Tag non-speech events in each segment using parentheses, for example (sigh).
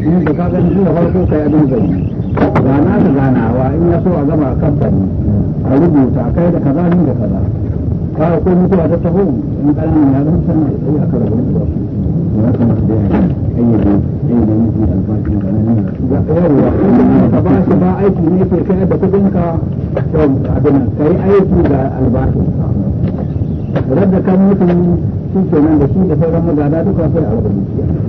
in da ka gani shi da farko kai abin gari gana da ganawa in ya so a gama kamfani a rubuta kai da kaza ni da kaza ka ko mutuwa ta taho in ƙananan yaran sana ya tsaye a kada wani ba su ya kamata da ayyana ayyana mutum da albashi da ƙananan ka ba shi ba aiki ne ke kai da kuɗin ka abin nan kai aiki ga albashin ka radda kan mutum shi kenan da shi da sauran magada duka sai a rubuta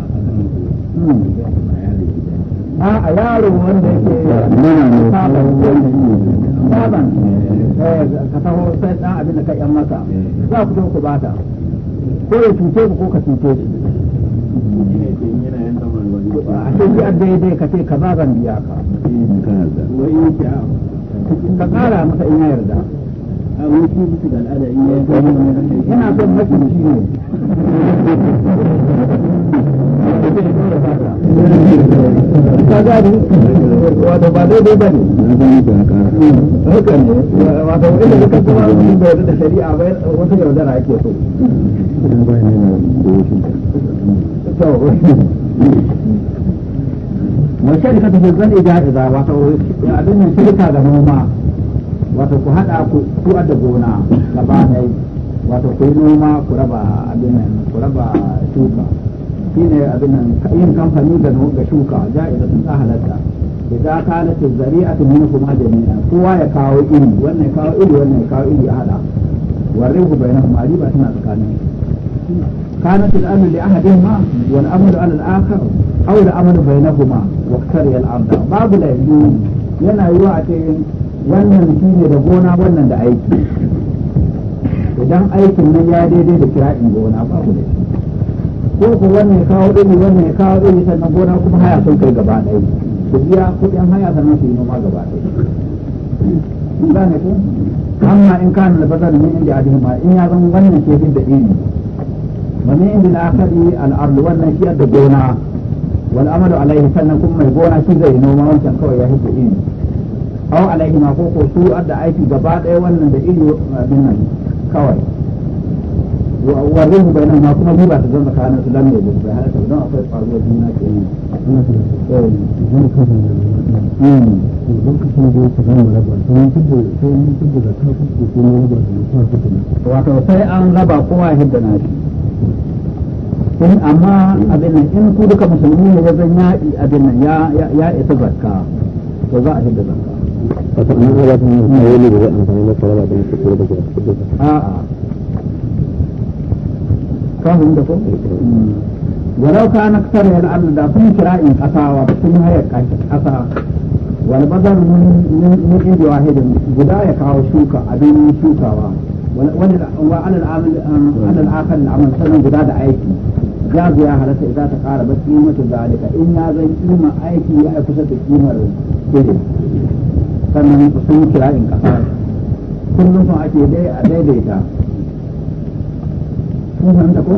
a yaro wanda yake saban saban eh, ka taho sai dan abin da ka yan maka za ku zo ku bata ko ya ku ko ka shi a ce shi a daidai ka ce ka ba zan biya ka ka kara masa in ya yarda a wuce musu ina son shi ne ka gani wato ba daidai ba ne haka ne wato su da shari'a ba wata yaudara ake so zan wato abin shirka noma wato ku ku da gona wato ku yi noma ku raba abin nan ku raba shuka shine abin nan yin kamfani da ga shuka ja'iza sun ta halatta idan ka na ce zari'atu min kuma jami'a kowa ya kawo iri wannan ya kawo iri wannan ya kawo iri a hada warrin ku bayanan kuma ba tana tsakanin كانت الامر لاحدهما والامر على الاخر او الامر babu واقتري الارض yana yi wa a ce wannan shine da gona wannan da aiki idan aikin nan ya daidai da kira'in gona babu da shi ko ku wannan kawo iri wannan kawo iri sannan gona kuma haya sun kai gaba ɗaya ku biya kuɗin haya sannan su yi noma gaba ɗaya ku amma in kana da bazar ne inda adin ma in ya zama wannan ke fi da iri ba inda na akhari al'adu wannan shi da gona wal amadu alaihi sannan kuma mai gona shi zai noma wancan kawai ya hito iri hawa alaihi ma ko ko su adda aiki gaba ɗaya wannan da iri abin nan kawai warrin bai nan ma kuma ba ta zama tsakanin su dan ne ba bai halatta don akwai faruwa juna ke yi zan wato sai an raba kowa hidda na shi in amma abin nan in ku duka musulmi ne ya zan yaɗi abin nan ya isa zakka to za a hidda zakka wato an ta da zai amfani masa raba da ka fahimta ko walau ka na kasar yar Allah da sun kira in ba sun haya kasa wani bazar mun inda hidin guda ya kawo shuka abin shukawa wa alal amal alal akhar al'amal sanan guda da aiki jazu ya halatta idan ta kara ba kimatu zalika in ya zan kima aiki ya kusa da kimar kire sannan sun kira in kasa kullum ake dai a daidaita kun ta ko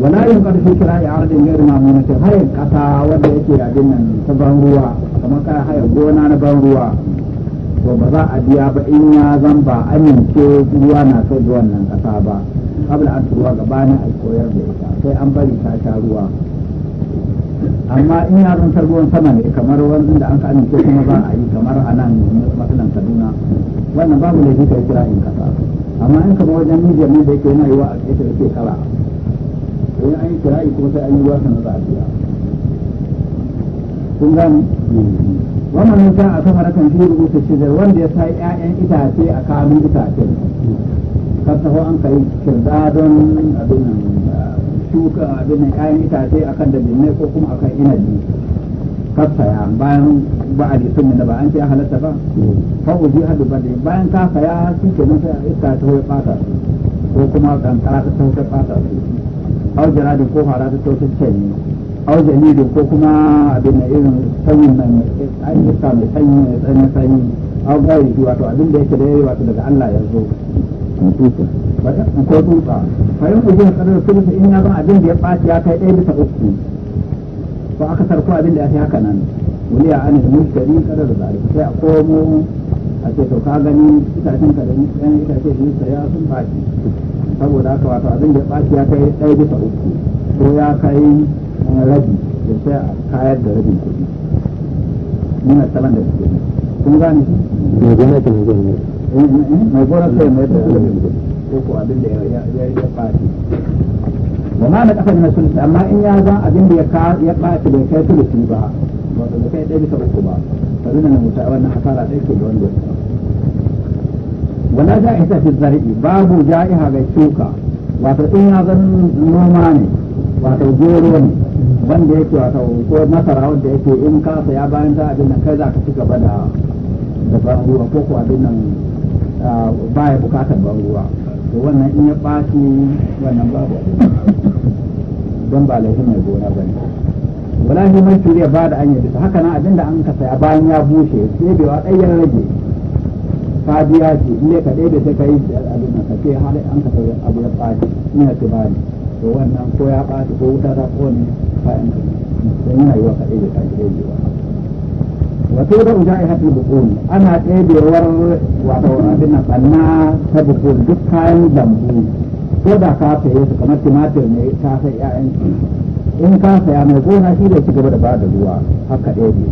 wala yin kada shi kira ya arda mai ruma mun ce hayar kasa wanda yake abin nan ta ban ruwa kamar kai hayar gona na ban ruwa to ba za a biya ba in ya zan ba amince ruwa na kai wannan kasa ba kabla an turuwa gabanin a koyar da ita sai an bari ta sha ruwa amma in ya zan ruwan sama ne kamar wanzun da an ka amince kuma ba a yi kamar a nan matsalan kaduna wannan babu laifi ya kira in kasa amma in kama wajen mijiyar nan da yake yana wa a ƙeta da shekara in an yi kira'i kuma sai an yi ruwa sana za a kun gani wannan nan sa a safara kan shi rubuta shidar wanda ya sa 'ya'yan itace a kanun itace kasafo an kai kirda don abin shuka abin 'ya'yan itace akan da ko kuma akan inabi kasaya bayan ba a jisun ba an ce halatta ba hmm. fa uji hadu ba ne bayan ka saya shi ke nan sai iska ta hoye fata ko kuma kankara ta hoye fata au jaradin ko fara ta hoye cenni au ko kuma abin da irin sanyin nan an iska mai sanyi mai tsanin sanyi au wato abin da yake da yayi wato daga Allah ya zo ko tuka fa yin uji hadu da sulhu in ya zan abin da ya ɓaci ya kai ɗaya bisa uku ko aka sarko abin da ya fi haka nan wani ya ana da mulkari kada da zari sai a komo a ce to ka gani itacen ka da yan itace da ya sun baci saboda haka wato abin da baci ya kai ɗaya bisa uku ko ya kai eh, rabi da sai a kayar da rabin kuɗi muna talan da suke kun gane shi mai gona ta eh, eh, mai gona mai gona sai mai da ko abin da ya baci wa ma na kafa na sulusi amma in ya zan abin da ya ya ɓaci bai kai sulusi ba wato da kai dai bisa uku ba fa zina muta wannan hasara dai ke da wanda wala ita fi zari'i babu ja'iha ga shuka wato in ya zan noma ne wato gero ne wanda yake wato ko masara wanda yake in ka ya bayan ta abin nan kai za ka ci gaba da da ruwa ko ko abin nan ah, baya bukatar ban ruwa wannan in ya ɓaci wannan babu don ba laifin mai gona ba ne wala shi mai turiya ba da an yi bisa haka nan abinda an ka saya bayan ya bushe sai ɗebewa ɗayan rage ka biya ce in ka da sai kai abin ka ce har an ka sauya abu ya ɓaci in ya ci ba ne to wannan ko ya ɓaci ko wuta ta kone ka yanka don yana yiwa ka ɗebe ka ɗebewa wato da uja ya haɗe bukun ana ɗebewar wato abin nan ɓanna ta bukun duk kayan lambu ko da ka saye su kamar tumatir ne ka sai ƴaƴan in ka saya mai gona shi da ci gaba da ba da ruwa haka ɗebe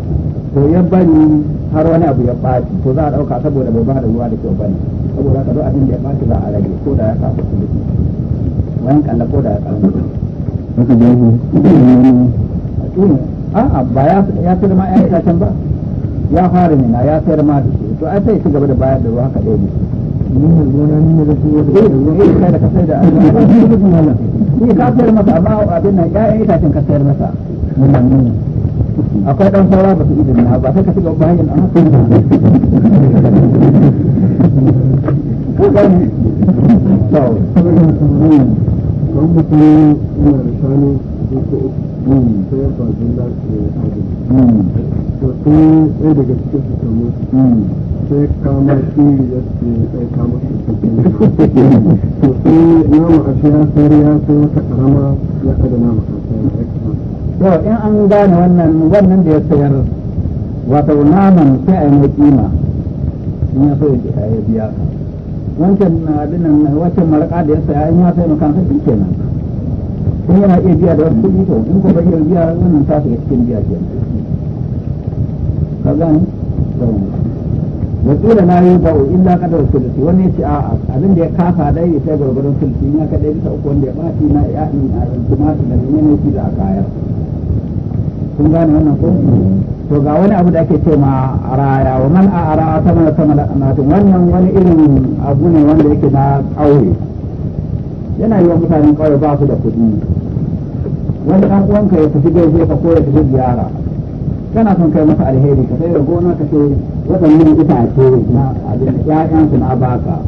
to ya bari har wani abu ya ɓaci to za a ɗauka saboda bai ba da ruwa da kyau bane saboda ka zo abin da ya ɓaci za a rage ko da ya kafa su duk wani kalla ko da ya kafa su. A'a ba ya fi da ma 'ya'yan itacen ba. ya fara na ya sayar ma da shi to ai sai ci gaba da bayar da ruwa haka ne da itacen ka sayar masa akwai saura ba su na ba sai ka bayan an sai ya daga cikin su sai kama ya ce sai kama to sai nama a sayar ya sai wata karama ya kada nama a to in an gane wannan wannan da ya sayar wata naman sai a yi mai kima in ya biya wancan abin wancan marƙa da ya saya in ya sai makansa shi kenan kuma yana iya biya da wani kuɗi to in kuma bai iya biya wannan ta shiga cikin biya ke ka gani wakila na yi ba'u illa kadar sulsi wani ya ce a abin da ya kafa dai ya sai gwargwaron sulsi in aka dai bisa uku wanda ya ɓaci na ya'in a tumatu da menene shi da aka ayar kun gane wannan ko to ga wani abu da ake ce ma araya wa man a araya sama da sama da wannan wani irin abu ne wanda yake na ƙauye yana yi wa mutanen kawai ba su da kuɗi wani ɗan uwanka ya tafi gaishe ka ko da tafi ziyara kana son kai masa alheri ka sai da gona ka ce waɗannan itace na abin ƴaƴansu na baka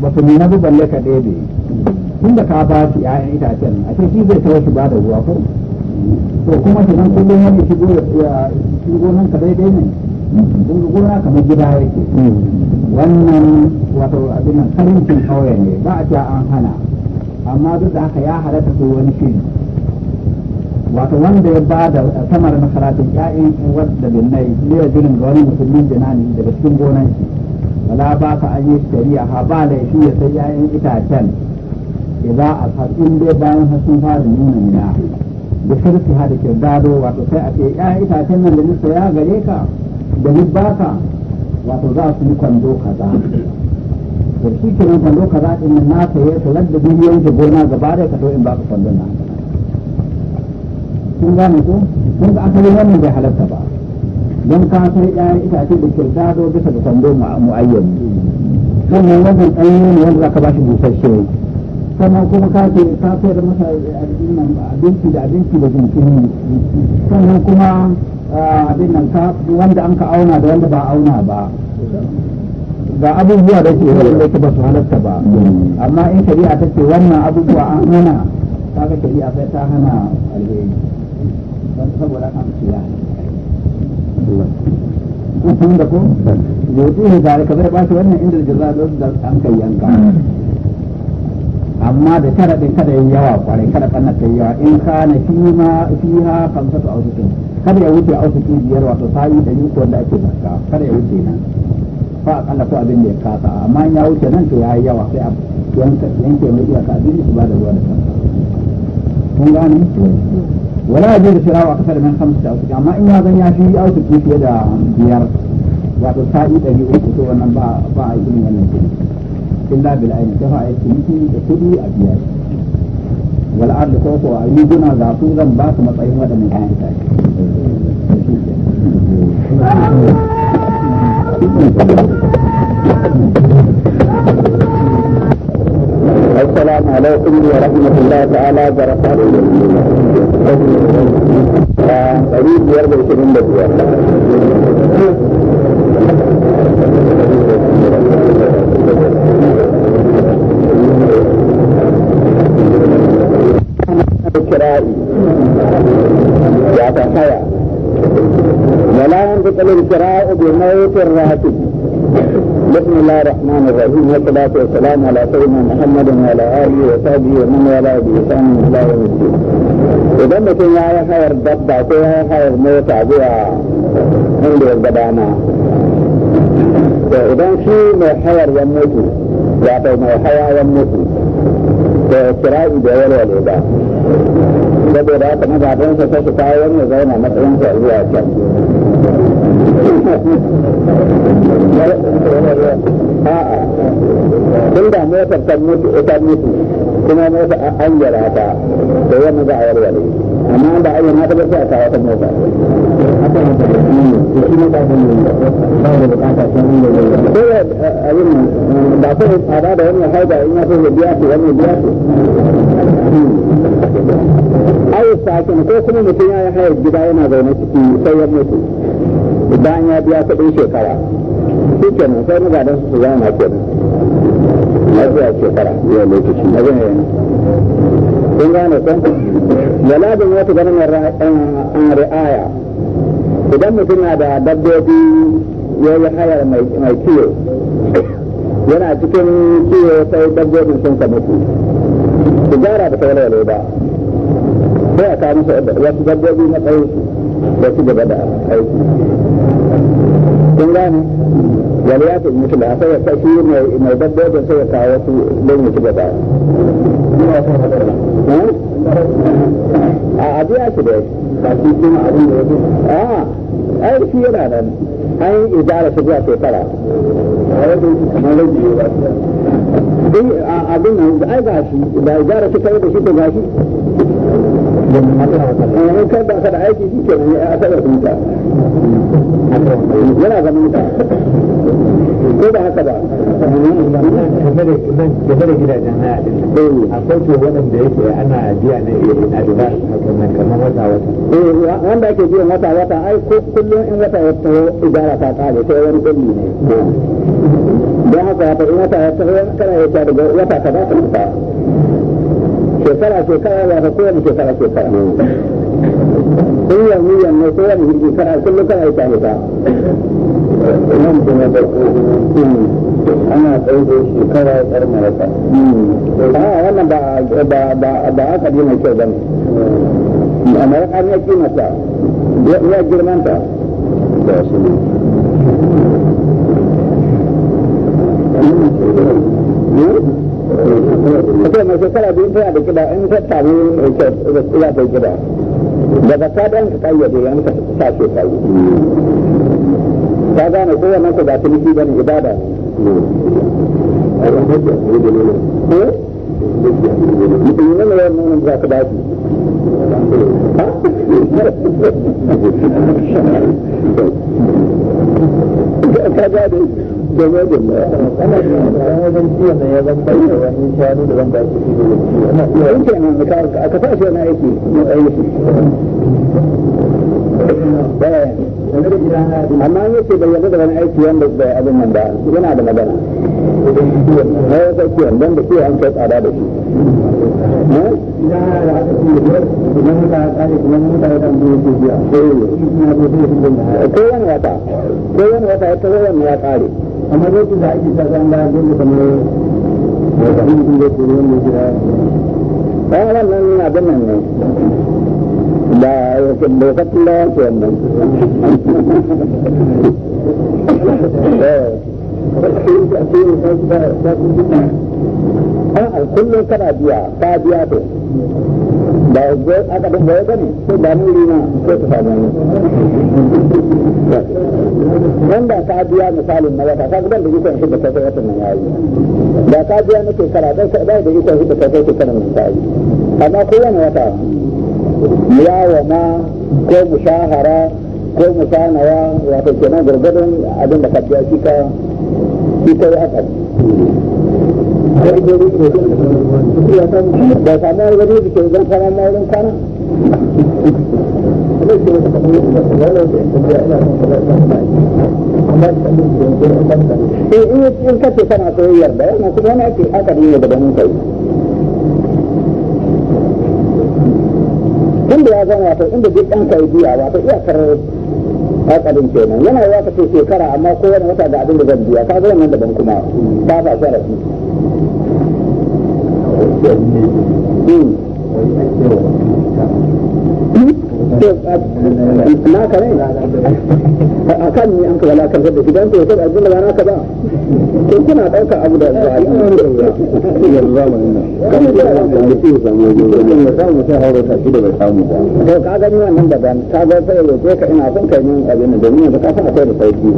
ba su nuna ba balle ka ɗebe tun da ka ba su ƴaƴan itacen a ce shi zai tawo shi ba da ruwa ko to kuma shi nan kullum wani shigo ya shigo nan ka daidai ne kun gona kamar gida yake wannan wato abin nan karincin kauye ne ba a an hana amma duk da haka ya halatta su wani shi wato wanda ya ba da samar ya'in ya'yan da binnai ne jirin ga wani musulmin jinani daga cikin gonan shi wala ba ka an yi shari'a ha ba da shi ya sai ya'yan itacen idan a hatsin dai bayan hatsin fara nuna nuna da shirki ha da gado wato sai a ce ya'yan itacen nan da nisa ya gare ka da ni ka. wato za su yi kwando kaza da shi kenan kwando kaza din nan na saye su ladda biliyan gona gaba da ka to in ka kwando na. kun gane ko kun ga asali wannan bai halatta ba don ka sai ɗaya itace da ke do bisa ga kwando mu'ayyan wannan wajen ɗanyo ne wanda za ka shi busasshe sannan kuma ka ce ka sayar masa abinci da abinci da jinkiri sannan kuma abin nan ka wanda an ka auna da wanda ba auna ba ga abubuwa da ke wanda yake ba su halatta ba amma in shari'a ta ce wannan abubuwa an hana kaga shari'a sai ta hana alheri don saboda kan ciya kun da ko yau ne da ka bai ba shi wannan inda jaza da an kai yanka amma da sharaɗin kada yawa kwarai kada ɓannar ta yawa in kana shi ma fi ha kamsa ta autukin kada ya wuce a wasu biyar wato sa'i ɗari ko wanda ake zarka kada ya wuce nan fa akalla ko abin da ya kasa amma ya wuce nan to ya yi yawa sai a yanka yanke mai iyaka abin su ba da ruwa da kansa kun gane wala ya da shirawa a kasar min hamsa da amma in ya zan ya fi a wasu fiye da biyar wato sa'i da yi wasu to wannan ba a yi irin wannan kuɗi illa bil ta fa'a da kuɗi a biyar wal ardu ko yi guna za su zan ba su matsayin wadannan ƴaƴan yi السلام عليكم ورحمة الله تعالى وبركاته. وتحيا ولا ينطق الامتراء بموت الراتب بسم الله الرحمن الرحيم والصلاة والسلام على سيدنا محمد وعلى آله وصحبه ومن والاه بإحسان إلى يوم الدين. إذا mutum ya yi hayar dabba ko ya yi hayar mota zuwa inda ya gabana to idan ما mai يموت. ya mutu ya saboda haka su kawo wani matsayin zuwa can a'a tun da motar ta mutu mutu kuma an ta da yamma za a warware amma da an yana ta bace a kawo ta mota da abin da ko a da haida in ya biya biya ai sakin ko kuma mutum ya yi hayar gida yana zaune ciki sai ya mutu bayan ya biya kuɗin shekara shi kenan sai magadan su zama Ya lafiya shekara ya lokaci a zan yana kun gane ko waladin wata ganin an ri'aya idan mutum na da dabbobi ya yi hayar mai kiwo yana cikin kiwo sai dabbobin sun ka mutu bujara da kawai ne ba sai a kawo musu wasu dabbobi na tsayin da su gaba da aiki kun gane wani ya tafi mutu da sai ya mai dabbobin sai ya kawo wasu don mutu gaba a abu ya shi da a ai shi yana nan an yi idara zuwa shekara a wajen kamar ba dai abin nan da ai gashi da shi kai da shi da gashi eh, ba ka da aiki a yana ko da haka ba game eh, da gidajen haya din akwai to waɗanda yake ana biya na da kamar wata wata wanda ake biyan wata wata ai ko kullum in wata wata idara eh, ta kare sai wani kulli ne don haka ya faɗi wata ya taho kana ya wata ka ba ka fita shekara shekara ya ta kowane shekara shekara in yan yi mai kowane hirgi kana kullum kana ya nan kuma da hmm, ana shekara tsar marasa hmm. a ah, wannan ba mai kyau ba ne kimanta ya girmanta da su ne dulu. Okey, masa saya lagi saya ada kedai, saya tahu saya ada kedai. Berapa kadang sekali ada yang saya suka. Kadang itu yang masa dah sini dan ibadah. Itu ini mulai mengubah kedai. Kadang-kadang game da zan ya zan bai da da zan wani aiki wanda bai abin nan ba yana da magana na ya sa don da an kai tsada da shi ko wata ko wata ya wani ya kare اما جو کہ جائے کی سازان دار جو کہ تمہارے وہ بہن کی جو پوریوں میں جرا ہے اور اللہ نے آدم نے دا ہے کہ بہت اللہ کے اندر ہے کل کرا دیا کا دیا تو ba goyi aka ɗin goyi ba ne ko ba muri na ko ta samu ne da ka biya misalin na wata kaga ban da ikon shi da kai sai watan nan yayi da ka biya na shekara dai sai bai da ikon shi da kai sai shekara nan yayi amma ko wani wata yawo ma ko mushahara ko musanawa wato kenan gurgurdan abin da ka biya shi ka shi kai aka da samu wani da ke wajen kwana na wurin kwana in ka ce kana soyayyar da yana kuma yana ake haka ne da banin kai ya zama wato inda duk ɗan kai biya wato iyakar hakarin kenan yana yawa ce shekara amma kowane wata ga abin da zan biya ka zo nan daban kuma ba sharafi เดือนนี้ที่ไม่เจอ na ka ne a kan ni an ka wala kan da gidan to sai aljanna ba to kuna dauka abu da ba yi yanzu kan da samu da samu sai ta da bai samu ba to ka gani wannan daban ka ga sai roƙe ka ina son kai min abin da domin da ka san akwai da sauki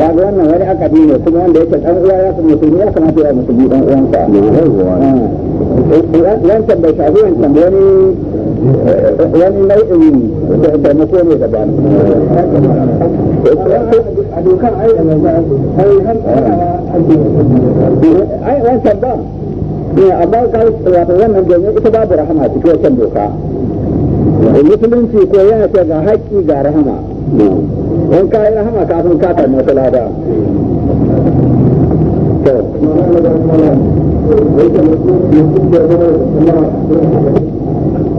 ka ga wannan wani akadi ne kuma wanda yake dan uwa ya san ya kamata ya dan uwansa ne yawa wancan bai shafi wancan wani wani nau'in taimako ne ai wancan ba amma wannan domin ita babu rahama cikin wancan doka musulunci ko yana ce ga haƙƙi ga rahama in ka yi rahama kafin ka wata lada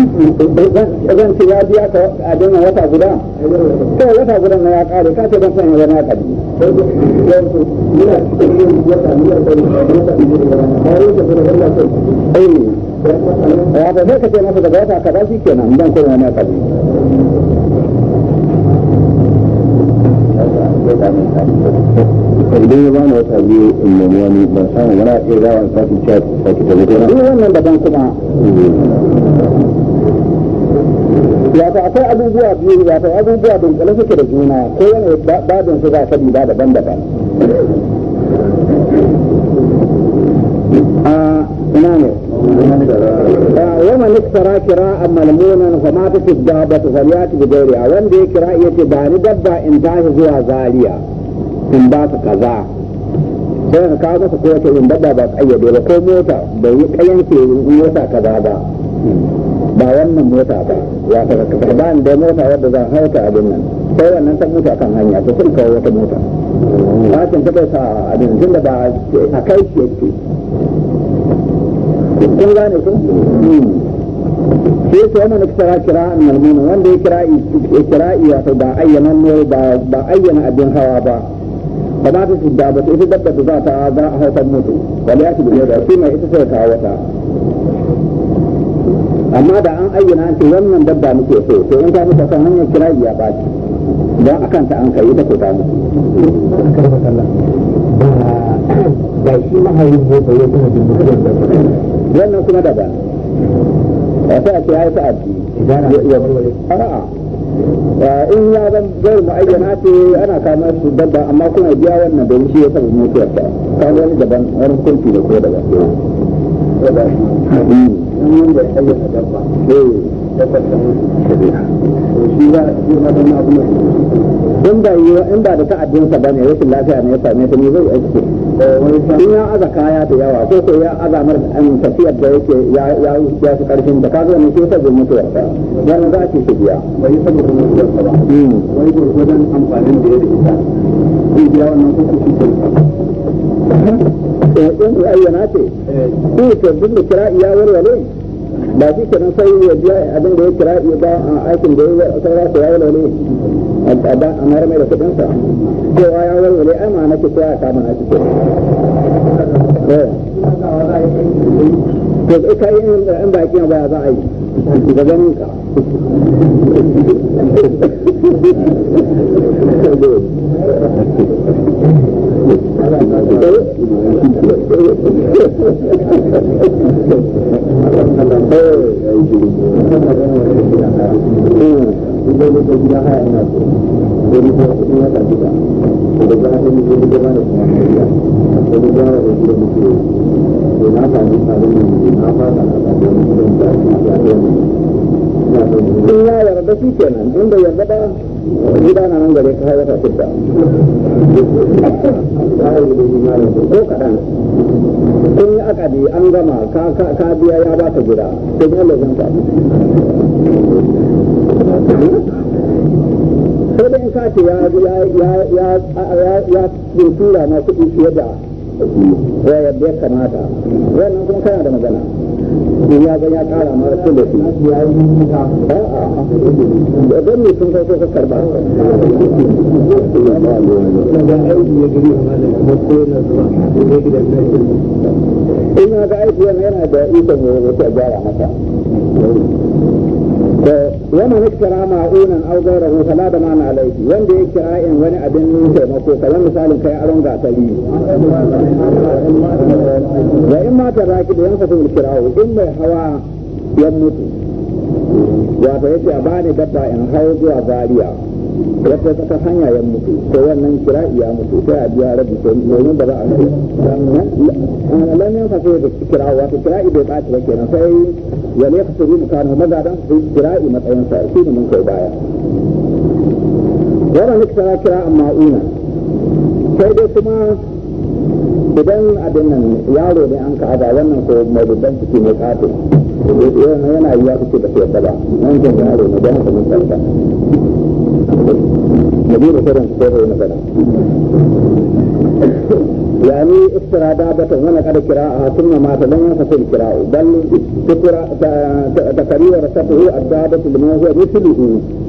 zan ce ya biya ka a jana wata guda to wata guda na ya kare ka ce don sanya wani haka eh ya ba zai ka ce masa daga wata kaza shi kenan kuma wani wata biyu in nemi wani ban samu wani a gawa sati sati ta mutu na. wannan daban kuma. Mm. wato akwai abubuwa biyu wato abubuwa don kala suke da juna ko yana babin su za ka duba daban-daban ah, ina ne ah, wama niktara kira a malmunan fama ta fi dabba ta zariyati da a wanda ya kira iya ce ba ni dabba in tashi zuwa zariya in ba su kaza sai ka kawo masa in dabba ba kayyade ba ko mota bai yi kayan ke mota kaza ba ba wannan mota ba ya ta ka ba da mota wadda za hauka abin nan sai wannan ta mutu akan hanya ta sun kawo wata mota bacin ta bai sa abin tun da ba a kai ce ce kun gane ku sai sai mana kira kira an malmuna wanda ya kira kira'i wato ba ayyana ne ba ayyana abin hawa ba فما تسد mutu wani ya ذات هذا هو mai وليأتي بالهدى فيما إتسوى تعوتا amma da an ayyana an ce wannan dabba muke so to in ta mutu kan hanyar kirari ya baci don a kanta an kai ta kuta mutu ba shi mahayin ne ba ya kuma da wannan kuma daga wata a ce ya yi ta'addi a'a in ya zan gairu ma'ayyana ce ana kama su dabba amma kuna biya wannan domin shi ya saba mutuwarsa kawo wani daban wani hukunci da ko daban wanda ya ayyana dabba eh. shari'a in ba in ba da ta'addinsa ba ne rashin lafiya ne ya same ta ni zai aiki in ya aza kaya da yawa ko ko ya aza mar an tafiyar da yake ya ya ya su karfin da kaga ne sai za ki shi biya bai ba wai amfanin da ita zai biya wannan ko in ayyana ce ko to duk kira iya warware ba shi nan sai ya biya abin da ya kira ya ba a aikin da ya yi saura su yawo ne a ba a mayar mai da kudin sa cewa ya walwale ai ma na ce ko ya kama na to kai in baki ba za a yi ga ganin ka Thank (laughs) you. in zai zo gida haya ina so sai ni kuma kuɗin wata gida da za a ta ni zai gaba da kuma kariya da ni gyara da gida muke to na sami tsarin da na fata na tsarin da ya ta yi in ya yarda shi kenan in bai yarda ba gida na nan gare ka wata ko kaɗan kun yi akadi an gama ka biya ya ba ka gida sai ya sai da in ka ce ya na kuɗi fiye da ya yadda ya kamata wannan kuma kana da magana in ya ya kara ma su da shi a'a don ne sun kai ka karba in ya ga aiki yana da ikon ya wuce a gyara masa wani nukkira ma'unan au gaira hu fala da mana alaiki wanda ya kira in wani abin nufe mako kamar misalin kai aron gatari da in mata raki da yansa tun kira in mai hawa yan mutu wato ya ce a bani dabba in hau zuwa zariya wata ta hanya ya mutu ko wannan kira ya mutu sai a biya rabi ko domin ba za a mutu lan yan fasu da kira wato kira bai ba ta kenan sai ya ne ka suru mutane maza dan su kira matsayin sa shi ne mun kai baya wannan ne kira kira amma una sai dai kuma idan abin nan yaro ne an ka'ada wannan ko mai dubban ciki ne kato yana yi ya kuce da ke ba wancan yaro ne don haka mun tsanta na duba shirin ko ya ni iskira da batan wani kada kira a hatun na mata don wasa sun kira dan ta kariwa da ta fi yi a da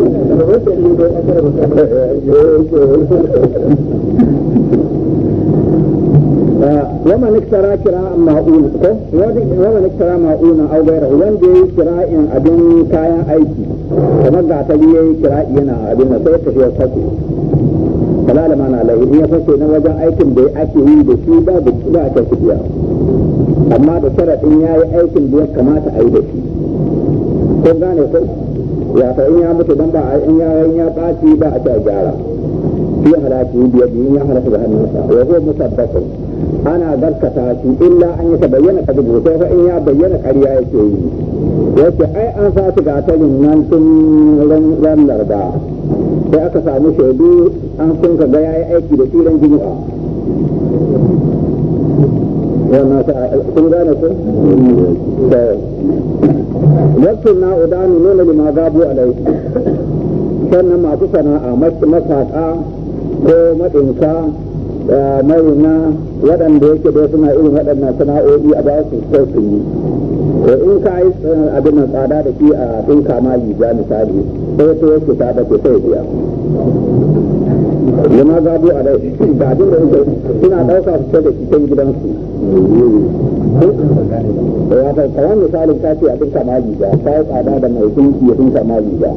(laughs) ومن اكترى كراء معونة ومن اكترى معونة أو غيره وندي كراء أبن كايا kamar ga ta biye kira yana abin da sai ta fiye sake kalala mana lai in sake na wajen aikin da ake yi da shi ba da ba ta biya amma da sharaɗin ya yi aikin da ya kamata a yi da shi ko gane ko ya fa in ya mutu dan ba in ya in ya baci ba a ta gyara fi halaki biya bi ya halaka da hannunsa wa huwa musabbatun ana garkata shi illa an ya bayyana kadu sai fa in ya bayyana ƙarya yake yi yace ai an sa su ga yin nan tun ran ran sai aka samu shaidu an sun ka ga yayi aiki da tiran jima'a wannan ta kun gane ko to wasu na udani nuna lima alai sannan masu sana'a masaka ko maɗinka marina waɗanda yake da suna irin waɗannan sana'o'i a ba su sai yi in ka yi eh, abin nan tsada da shi a ɗinka ma riga misali sai ta yake ta ba ke sai biya zama gabu a da da abin da yake suna ɗauka su da cikin gidansu eh, misalin ta ce ta yi tsada da mai ya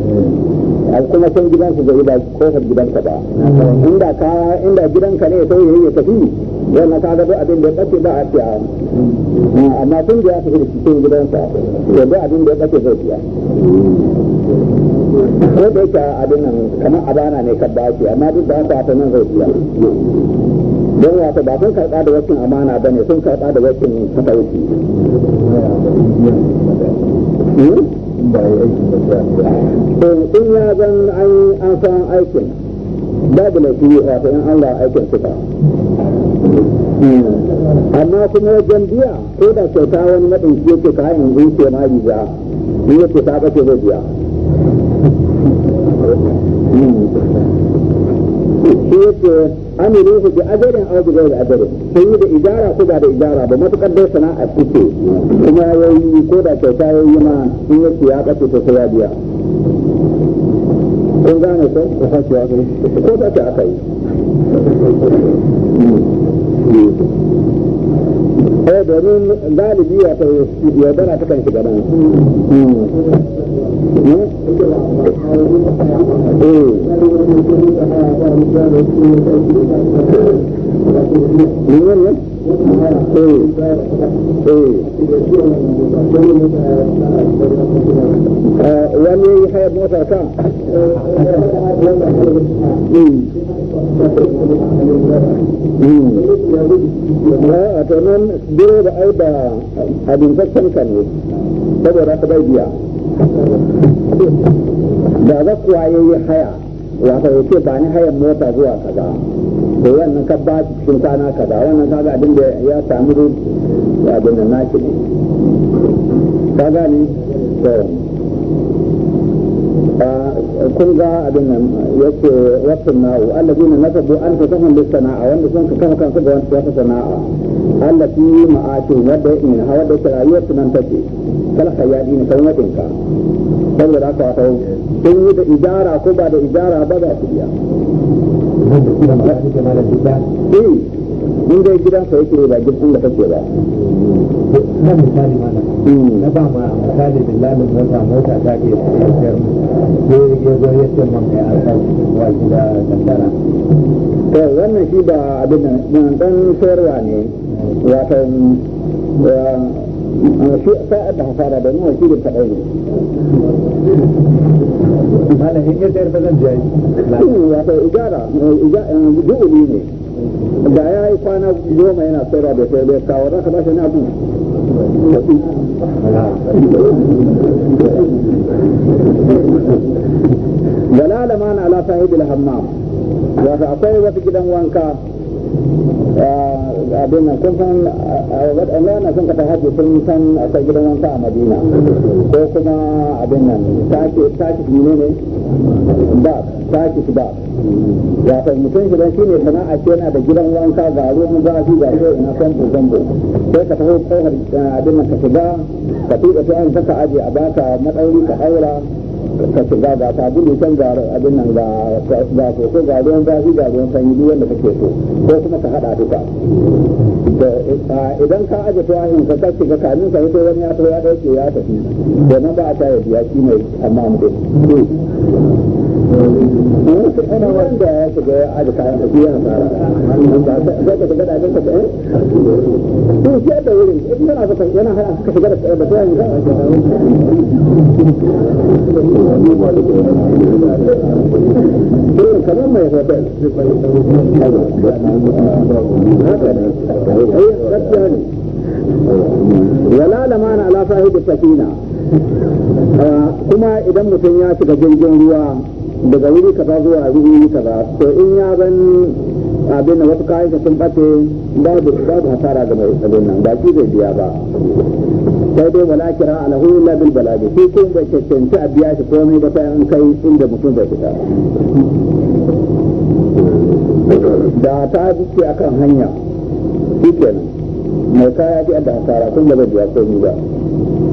a kuma can gidansu ga yi ba kofar gidanka ba inda ka inda gidanka ne sai ya tafi wannan ka ga abin da ya ɓace ba a fiya hmm, amma tun da ya tafi da cikin gidansa to abin da ya zai fiya ko da yake abin nan kamar abana ne ka ba shi amma duk da haka ta nan zai biya don wata ba sun karɓa da wakin amana ba ne sun karɓa da wakin fatauci in ya zan an san aikin babu laifi wato in an Allah aikin su ba amma kuma wajen biya ko da kyauta wani maɗin yake kayan zuciya ma biya in yake ta ɓace zai biya sai yace an bi ajarin aw bi ghairi ajarin sai yi da ijara ko ba da ijara ba matukar dai sana'a kuke kuma yayi ko da kyauta yi ma yi yace ya kace sai biya kun gane ko ko ko da ta aka yi eh domin galibi ya ta yaudara ta kan shiga nan ne hmm? hmm. hmm. wani hayar mota a biro da ai da abin ne saboda bai biya da zakuwa ya yi haya wata yake ce ba ni hayar mota zuwa kaza to wannan ka ba shi cikin kwana kaza wannan kaga abin da ya samu da abin da naki ne ka gani to kun ga abin nan yace wasan na'u alladina nasabu an ta kafan da sana'a wanda sun ka kafa kansu ga wani ya sana'a allati ma'atu wadda in hawa da rayuwar nan take kal khayalin kan wadin ka saboda haka wato sun yi da idara ko ba da idara ba za su biya Eh, in dai gidan sa yake ba gidan da kake ba na misali mana hmm. na ba ma misali billahi mota mota ta ke sayar ko ya zo ya ce man kai an sa wa gida kaddara to wannan shi ba abin nan dan sayarwa ne wato eh, shi sa'ad da hasara da nuna shi da kadai ne malam in ya sayar ba zan jayi wato igara ju'uli eh, ne da ya yi kwana goma yana sayarwa da sayar da kawo za ka ba shi na abu galala ma na ala sahibi hammam wato akwai wasu gidan wanka Eh, abin nan kun san eh, eh, waɗanda na sun kafa hajji sun san a akwai gidan wanka a madina ko kuma abin nan tashi tashi ne ne ba tashi ba ya san mutum shi dan shi ne kana a yana da gidan wanka ga ruwan zafi ga sai ina san ko zambo sai ka taho kofar abin nan ka shiga ka tuka sai an saka aje a baka madauri ka aura ka ci ga ga sabulu can ga abin nan ga ga koko ga ruwan zafi ga ruwan sanyi duk wanda kake so ko kuma ka hada duka idan ka aje tuwahin ka ka shiga kamin ka fito wani ya to ya dauke ya tafi da na ba a ta ya biya shi mai amma mu dai ana wanda ya shiga ya aji kayan da fara ka shiga da abin to shi da wurin in kana zaka yana haya ka shiga da da ta yanzu kamar mai hotel wala lamana ala sahibi sakina kuma idan mutum ya shiga jirgin ruwa daga wuri kaza zuwa wuri kaza to in ya ban abin da wata kayan sun bace babu babu hasara ga mai abin nan ba zai biya ba sai dai wala kira alahu illa bil balagi sai kun bai cancanci a biya shi komai ba sai an kai inda mutum bai fita da ta duke akan hanya shi mai kaya fi da hasara kun da bai biya komai ba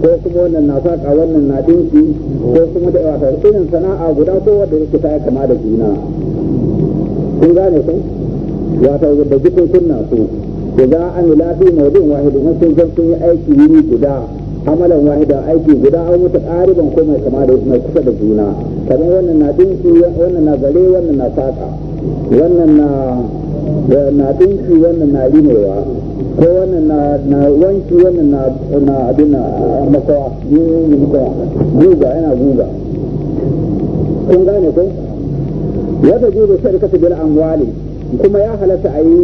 ko kuma wannan na saka wannan na dinki ko kuma da wata irin sana'a guda ko wanda yake ta kama da juna kun gane ko ku wato da jikokin na su da za idan an lafi mawdin wahidin sun san sun yi aiki yini guda amalan wahida aiki guda an mutu ƙariban ko mai kama da mai kusa da juna kamar wannan na dinki wannan na gare wannan na saka wannan na na dinki wannan na rimewa ko wannan na wanki wannan na abin na makawa yin makawa guga yana guga kun gane ko ya ta jibe shirka ta bil amwali kuma ya halatta a yi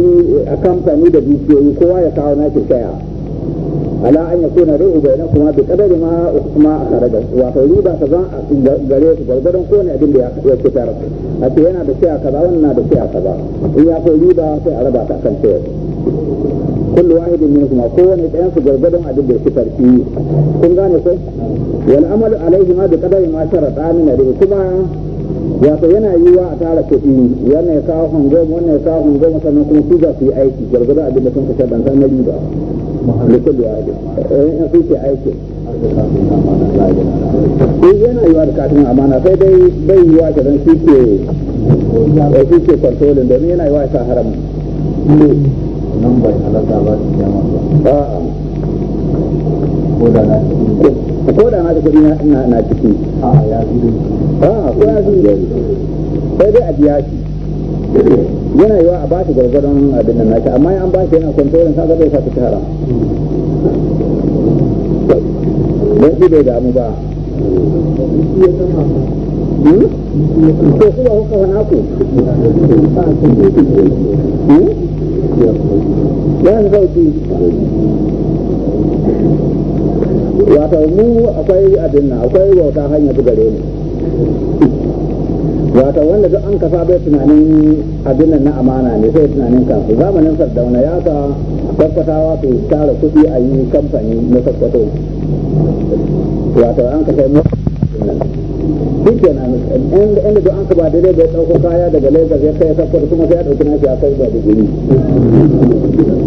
a kamfani da dukiyoyi kowa ya kawo nashi kaya. ala an yi kuna ri'u bayanan kuma bi kadari ma kuma a kare da su ba ta zan gare su gwargwadon kowane abin da ya fitar a ce yana da a kaza wannan na da a kaza in ya kai ba sai a raba ta kan sayar kullu wahidin min kuma ko wani ɗayan su gwargwadon abin da ya fitar shi kun gane ko wal amalu alaihi ma bi kadari ma sharata min ri'u kuma wato yana wa a tara kuɗi wanda ya kawo hangoma wanda ya kawo sannan kuma su za su yi aiki gargaza abin da sun ban san eh, eh, da amana sai dai bai eh, yana ta haram nan ba su ba a'a ko da na ko da na da kuɗi na na ciki a ya a ko ya zuwa sai dai a biya shi yana yiwa a bashi gwargwadon abin nan naki amma an bashi yana kwantolin kaga zai sa ta haram don shi bai damu ba hmm? to kuma wato mu akwai abin na akwai wauta hanya ta gare mu wato wanda duk an kafa bai tunanin abin nan na amana ne sai tunanin kansu zamanin sardauna ya ka kwakwatawa su tara kuɗi a yi kamfani na kwakkwato wato an kashe mu duk kenan inda duk an kaba daidai bai ɗauko kaya daga lagos ya kai kwakkwato kuma sai ya ɗauki nashi ya kai ba digiri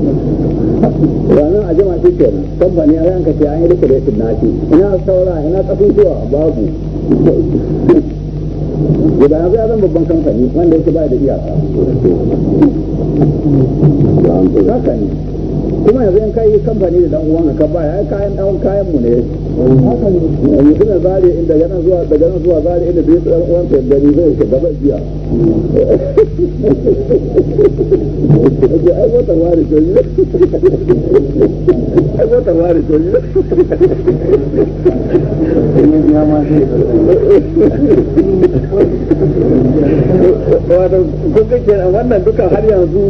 ranar a jama'a shi kenan kamfani a ranka ce an yi duka da ya naci ina saura ina zuwa babu guda yanzu zai zan babban kamfani wanda yake ba da iyaka haka ne kuma yanzu in kai kamfani da dan uwanka ka baya kayan dan kayan mu ne yanzu na zare inda yana zuwa daga nan zuwa zare inda da dan uwanka gari zai shiga ba biya ai motarwa wannan duka har yanzu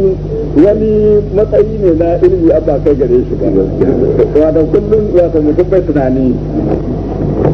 wani matsayi ne na ilimi abba kai gare shi ba wato kullum wato mutum bai tunani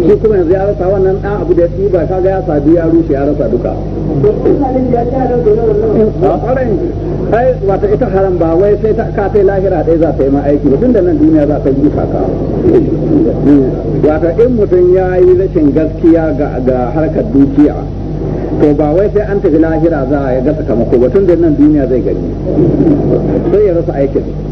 shi kuma yanzu ya rasa wannan ɗan abu da ya ba kaga ya sadu ya rushe ya rasa duka ai wata ita haram ba wai sai ta ka lahira ɗaya za ta yi ma aiki ba da nan duniya za ta yi kaka wata in mutum ya yi rashin gaskiya ga harkar dukiya to ba wai sai an tafi lahira za a kama ko ba tun da nan duniya zai gani sai ya rasa aikin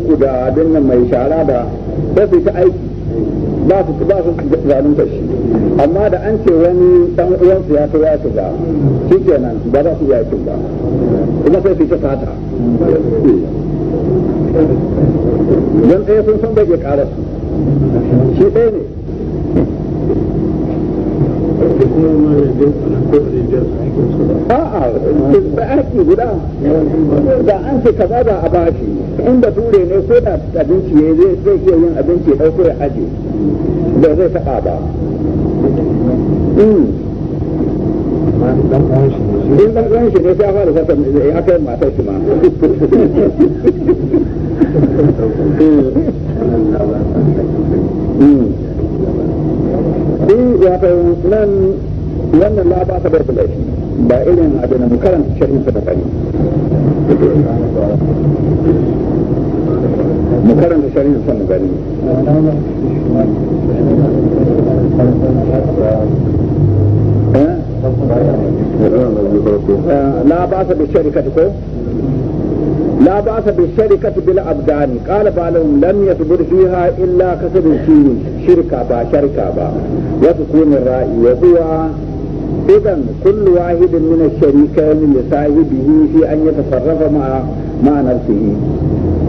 uku da dinnan mai shara da ba su ta aiki ba su ba su zalunta shi amma da an ce wani dan uwan su ya ta ya shiga shi kenan ba za su ya yakin ba kuma sai su ta fata dan ɗaya sun san bai iya ƙara su shi ɗaya ne a'a ba aiki guda da an ce kaza da a bashi in bature ne ko da abinci ne zai zai iya yin abinci ɗauko ya aje ba zai taɓa ba hmm. in ɗan ɗan shi ne sai fara sata ya aka yi matar shi ma ya hmm. fahimci hmm. nan wannan labasa bai da laifi ba irin adana shirin sa da shirin sa لا بأس بالشركة كو لا بأس بالشركة بالأبدان قال بعضهم لم يثبت فيها إلا كسب في شركة با شركة با وسكون الرأي وهو إذن كل واحد من الشريكين لصاحبه في أن يتصرف مع مع نفسه.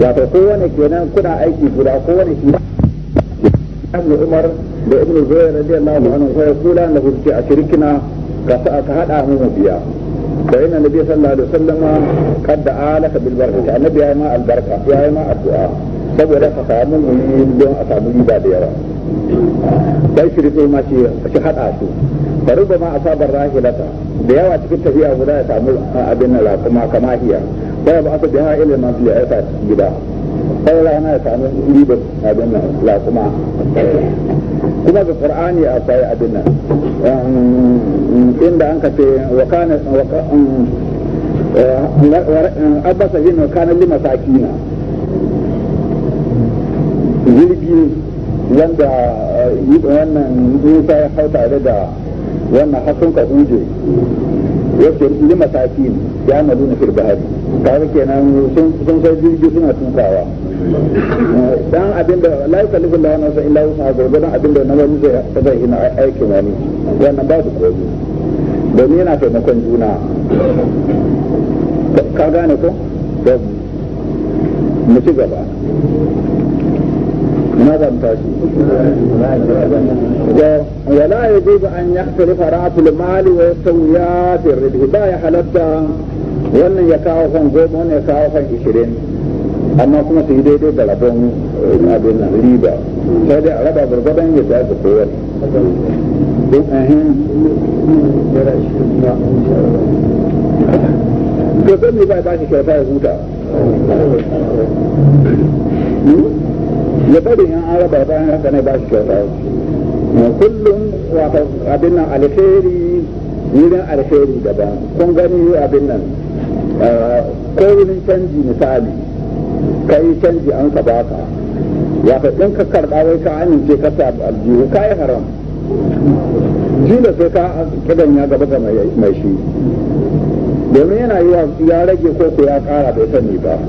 wato kowane kenan kuna aiki guda kowane shi da Ibn Zubair radiyallahu kula da hukunci a shirkina ka sa ka hada mu biya da inna nabi sallallahu alaihi wasallam kadda ma al baraka yayi ma addu'a saboda ka samu mu'min don a da yawa dai shirkai ma su faruba ma asabar rahilata da yawa cikin tafiya guda ya samu abin nan kuma kama hiya bai ba aka biya ilil masu ya aika gida sai rana ya samu ribar abin nan kuma kuma ga qur'ani akwai abin nan um, inda an jirgi wanda uh, wannan musa ya hau tare da wannan hasun ka uje yake li masakin ya malu na fil bahari kaga kenan sun sun sai jirgi suna tukawa dan abinda la yukallifu Allah nafsan illa wusaha gurgurdan abinda na wani zai zai ina aikin wani wannan babu komai domin yana taimakon juna ka gane ko mu ci gaba ina zan tashi wala yajibu an yakhtalifa ra'atul mali wa yastawiya fi ridhi ba ya halatta wannan ya kawo kan goma wannan ya kawo kan ishirin amma kuma su yi daidai da rabon eh, abin nan riba sai dai a raba gwargwadon ya bari in an raba bayan haka ne ba shi kyauta kullum wato abin nan alheri wurin alheri daban kun gani abin nan eh, ko wurin canji misali ka yi canji an ka baka wato in ka karɓa wai ka amince ka sa aljihu ka yi haram jila sai ka kidan ya gaba ga mai shi domin yana yi ya rage ko ya ƙara bai sani ba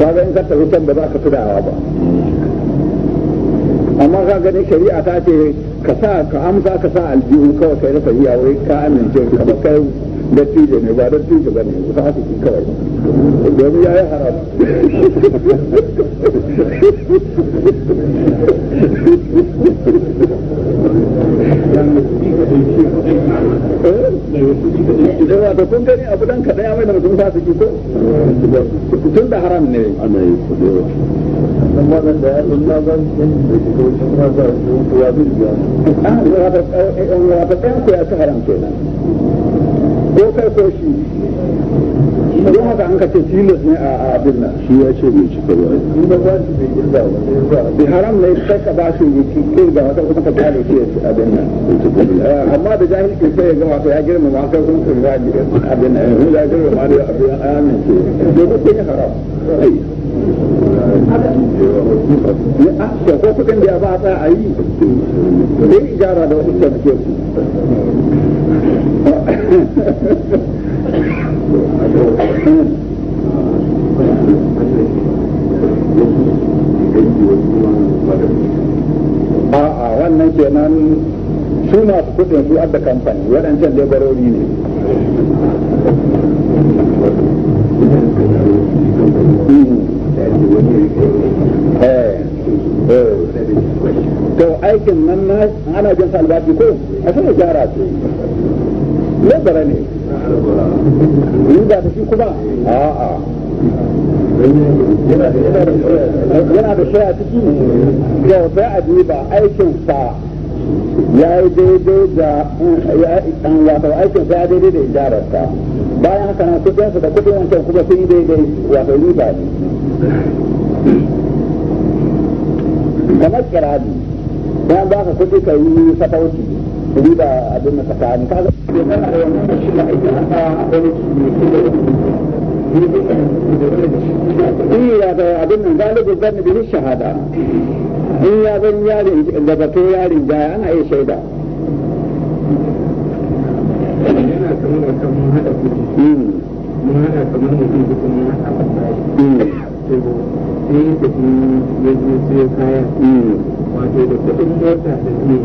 ba in ka tafi can ba za ka tunawa ba amma ka gani shari'a ta ce ka sa ka amsa ka sa aljihu kawai kai rasa iya wai ka amince ka ba kai da tije ne ba da tije ba ne ku sa su kawai domin ya yi haram idan wato kun gani abu dan mai da mutum fasiki ko tun da haram ne ana yi da ya na ban yin da shi kawai shi ma za su kuwa bin biya a ah, wata eh, ɗan ku ya ci haram kenan ko kai ko shi don haka an ka ce tilas ne a abin nan shi ya ce bai cika ba ba ba shi bai ba haram ne sai ka ba shi kuma ka shi abin nan eh, amma da jahil ke sai ya ga wato ya girma ma kai kuma abin nan girma ma da abin ce ah, to ko ne ko kudin da ya ba ta a yi sai ijara da wasu a'a wannan kenan su masu kudin su adda kamfani waɗancan laborori ne eh, eh, eh. to aikin nan ana jinsa albashi ko a sai gyara ce ne bara ne in da shi kuma a'a yana da shaya ciki sai a duba aikinsa ya yi daidai da wato aikin sa ya daidai da bayan haka nan kudin da kudin wancan kuma sun yi daidai wato riba ne kamar kirabi bayan ba ka kudi ka yi riba abin da tsakani ka ga da shi da ake wani shi ya ga abin nan galibu bi shahada in ya yarin da yarin ana iya shaida yana kamar wata mun kuɗi hmm. mun kamar mutum kuɗi mun kuɗi hmm. sai ya kaya hmm. wato da kuɗin mota da zai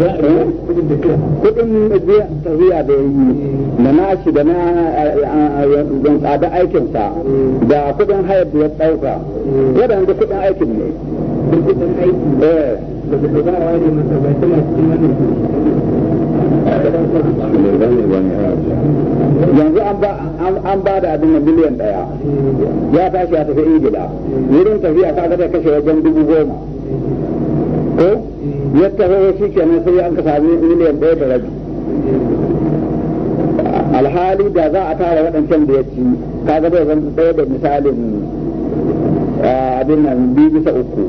kudin tafiya da ya yi da nashi da na zan tsada aikinsa da kudin hayar da ya ɗauka waɗanda kudin aikin ne eh. yanzu an ba da abin miliyan daya ya tashi ya tafi ingila wurin tafiya ta kashe wajen dubu goma ko ya taho shi kenan sai an ne ne ya bai da rabi alhali da za a tara waɗancan da ya ci kaga bai zan da da misalin abin nan biyu bisa uku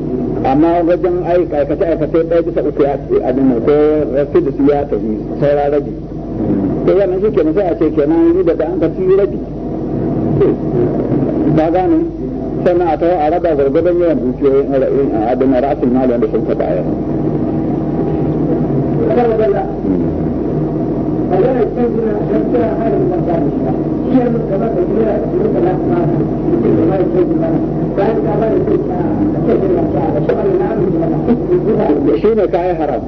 amma wajen aikace aikace ɗaya bisa uku ya abin nan ko rafi da su ya tafi saura rabi to yana shi kenan sai a ce kenan riba da an ka ci rabi ka gane سمع تو عربا غربا يوم يجي هذا ما رأس المال يعني بس تبعه. هذا شو مكاية حرام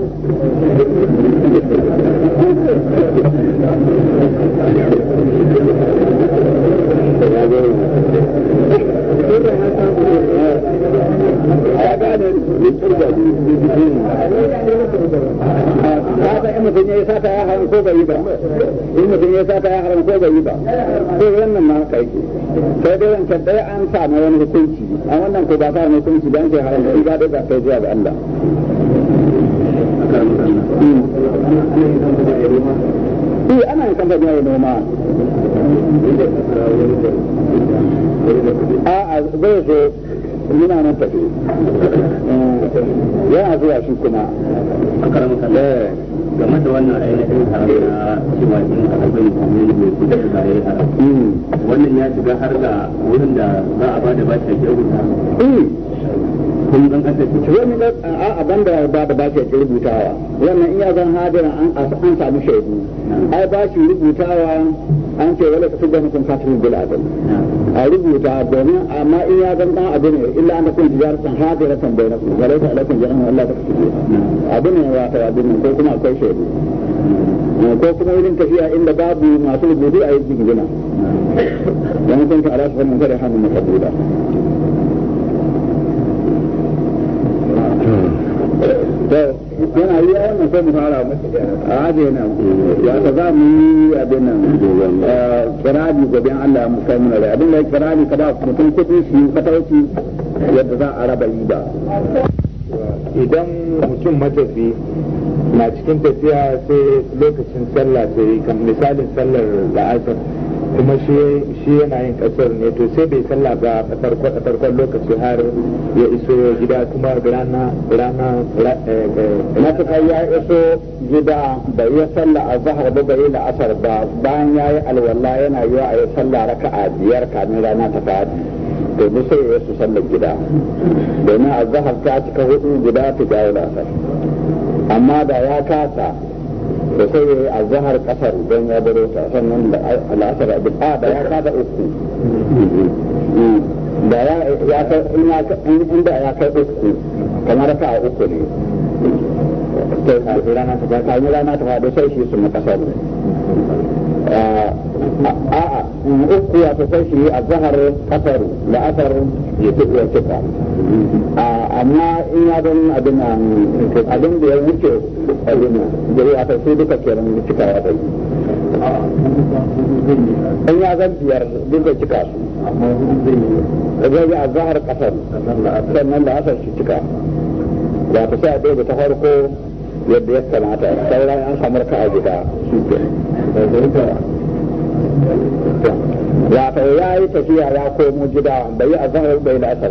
Thank you. haram ko bai yi ba in mutum ya sata ya haram ko bai yi ba to haka yake sai dai an sa mai wani hukunci a wannan ko ba sa mai hukunci ba an ce haram ko ba dai ba kai zuwa ga Allah Eh ana yin kamfani yayi noma. A'a zai zo muna nan tafi. Eh, yana zuwa shi kuma. Eh. game da wannan ainihin haram na cewa in akwai musulmi mai kudi da zai haram wannan ya shiga har ga wurin da za a bada bashi a rubuta kun zan kasa wani da a abin da ba da bashi a rubutawa wannan in ya zan hadira an samu shaidu ai bashi rubutawa an ce wala ta tuba mutum katin bil adal a rubuta domin amma in ya zan dan abu ne illa an kun jiyar san hadira san bai nasu wala ta alaikum jiran Allah ta tuba abu ne ya ta abu ne ko kuma akwai shaidu ko kuma wurin tafiya inda babu masu rubutu a yi jingina dan kun ta ala sanin kada hannun makabula ko mu fara a ya ta za mu yi abin nan kirani gobin Allah mu kai muna abin da mutum kudi shi yadda za a raba riba idan mutum matafi na cikin tafiya sai lokacin sallah sai misalin sallar la'asar kuma shi yana yin kasar ne to sai bai salla ba a farkon lokaci har ya iso gida kuma rana rana kai eh, eh, ya iso gida da ya salla a zahar ba bai da asar ba bayan ya yi alwala yana yi a ya salla raka a biyar kamin rana ta fadi to duk sai ya su sallar gida domin a zahar ta cika hudu gida ta jawo da asar amma da ya kasa da sai ya yi a zahar kasar don ya baro ta sannan al'asar a duk da ya kada uku mm. da ya kai ya uku kamar ka a uku ne ta rana ta sai shi su a'a uku ya fi sai a zahar kafar da asar ya tafi ya cika amma in ya don abin abin da ya wuce abin da ya ta sai duka kenan cika ya bai in ya zan biyar duka cika su zai yi a zahar kasar sannan da asar shi cika ya fi sai a ɗaya da ta farko yadda ya kamata sauran an samu ka a gida su ke ya wato ya yi tafiya ya komo gida bai yi azan azahar bai da ba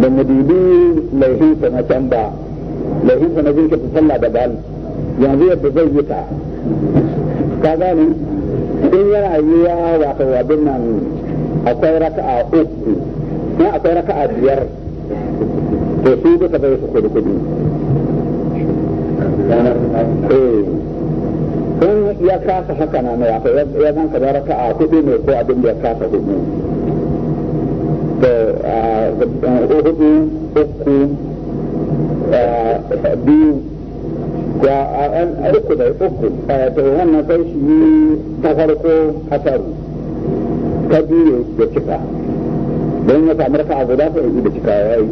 da mudibi laifinsa na can ba laifinsa na jirka ta sallah da bal yanzu yadda zai yi ta ka gani in yana yi ya wato abin nan akwai raka'a uku in akwai raka'a biyar to su duka zai su kudu kudu eh. ya kasa haka na mai afa ya zan ka raka a hudu ne ko abin da ya kasa hudu da hudu uku biyu ya an uku da uku wannan sai shi ta farko hasaru ta biyu ya cika don ya samu raka a guda yi da cika ya yi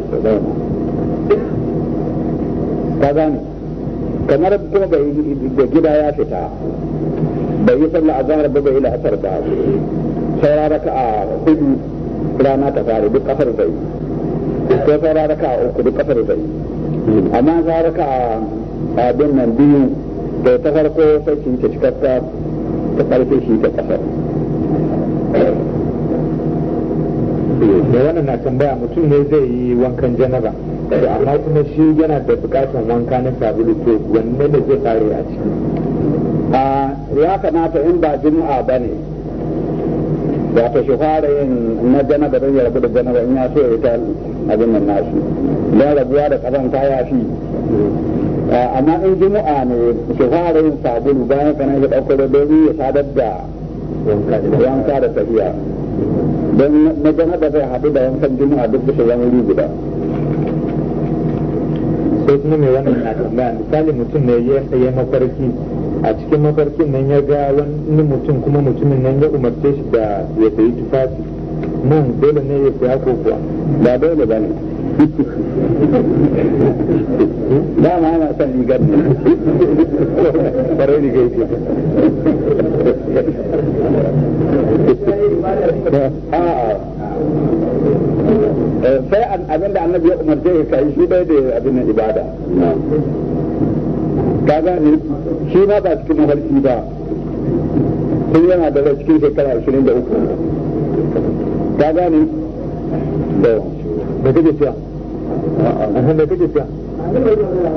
kamar kuma da gida ya fita bai yi sallah a zahar ba ila yi la'asar ba saura raka a hudu rana ta fara duk kafar zai ko saura raka a uku duk kafar zai amma za raka a abin nan biyu da ta farko sai shi ta cikakka ta karfe shi ta kasar da wannan na tambaya mutum ne zai yi wankan janaba da amma kuma shi yana da bukatar wanka na sabulu to wanne ne zai fare a ciki a ya kamata in ba juma'a ba ne ta shi fara yin na jana da ya rabu da janaba in ya so ya ta abin nan nasu don rabuwa da kazan kaya fi amma in juma'a ne shi fara yin sabulu bayan kanan ya ɗauko da dori ya sadar da wanka da tafiya don na da zai haɗu da wankan juma'a duk da shi wani guda. sai kuma mai wannan na tambaya misali mutum ne ya tsaye mafarki a cikin mafarkin nan ya ga wani mutum kuma mutumin nan ya umarce shi da ya sayi tufafi nan dole ne ya saya ko kuwa ba dole ba ne ba (laughs) ma ana san rigar ne rigar ce a'a sai abin da annabi ya umarce ka kai shi bai da abin nan ibada ka gane shi ma ba cikin mafarki ba tun yana da zai cikin shekara ashirin da uku ka gane da da kake siya cewa da kake siya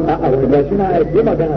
a'a ba shi na yi magana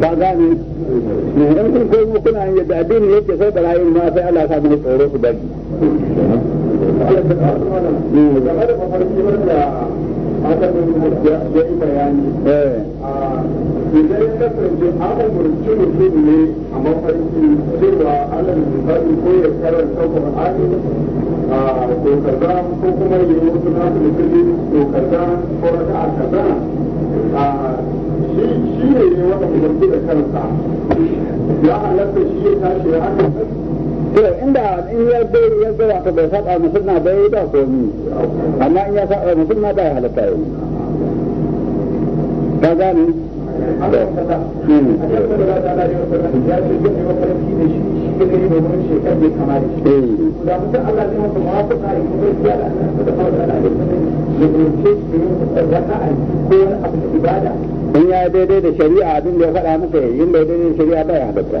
ka gane in kun yadda addini yake sai da rayuwar ma sai Allah ya sa tsoro su bari game eh. da aka yi bayani idan ya kasance adam burci mutum ne a mafarki cewa adam misali ko ya karanta ko a ko kaza ko kuma ya yi wasu na da kaji to kaza ko raka a kaza shi shi ne ne wanda burci da kansa ya halatta shi ya tashi ya haka to inda in ya bai ya ga wato bai saba na bai da komi amma in ya saba na bai halatta yau ka gane in ya daidai da shari'a abin da ya faɗa maka yin daidai da shari'a baya halatta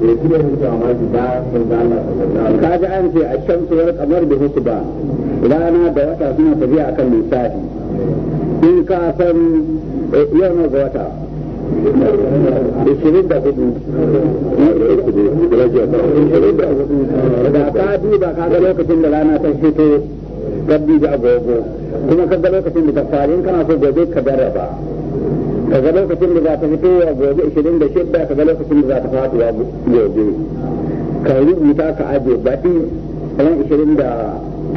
kaji an ce a shamsu kamar da husu ba rana da wata suna tafiya akan in ka san eh, yau na wata ishirin da hudu da ka duba ka ga lokacin da rana ta fito da agogo kuma ka ga lokacin da ta fari in kana so gobe ka daraba kaga lokacin da za ta fito wa gobe ishirin da shidda kaga lokacin da za ta faɗi wa gobe ka rubuta ka aje baɗi ran ishirin da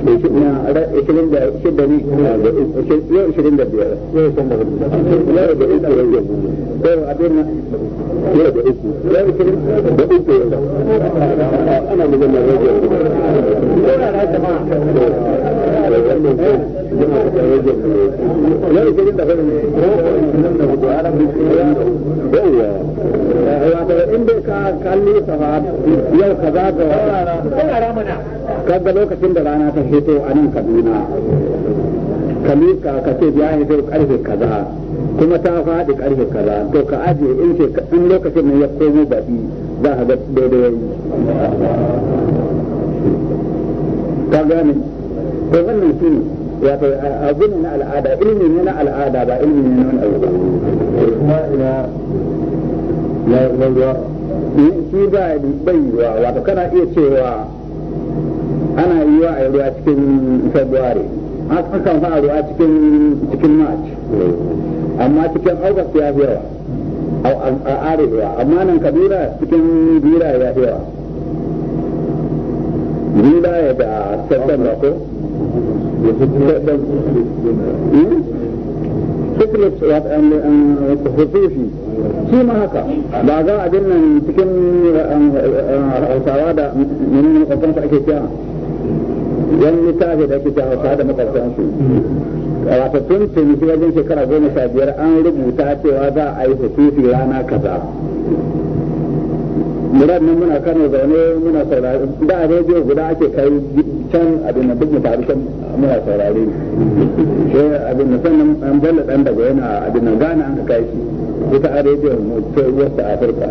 ishirin da shidda ne yau ishirin da biyar yau da uku yau yau abin yau da uku yau ishirin da uku yau ana magana rage لا يمكن ان in dai ka kalli safar yau ka za ga wata kaga lokacin da rana ta hito a nan kaduna ka miƙa ka ce ya hito karfe kaza kuma ta faɗi karfe kaza to ka ajiye in in lokacin nan ya komo baɗi za ka ga daidai ka gane to wannan shi ya abu ne na al'ada ilimi ne na al'ada ba ilimi ne na wani abu ba kuma ina na ina ruwa shi ba bai yiwa wato kana iya cewa ana yi wa a ruwa cikin february fa a ruwa cikin cikin march amma cikin august ya fi yawa a arewa amma nan kabila cikin bira ya fi yawa bira da september ko sukul surat hususi shi ma haka ba za a cikin hausawa da menene makwabtansu ake cewa yan littafi da ake cewa hausawa da wajen shekara goma sha biyar an rubuta cewa za a yi rana kaza murad nan muna kano zaune muna saurari da rediyo guda ake kai can abin da duk faru can muna saurare sai abin da sannan an balla dan daga yana abin da gana an kai shi ita a rediyon wasu afirka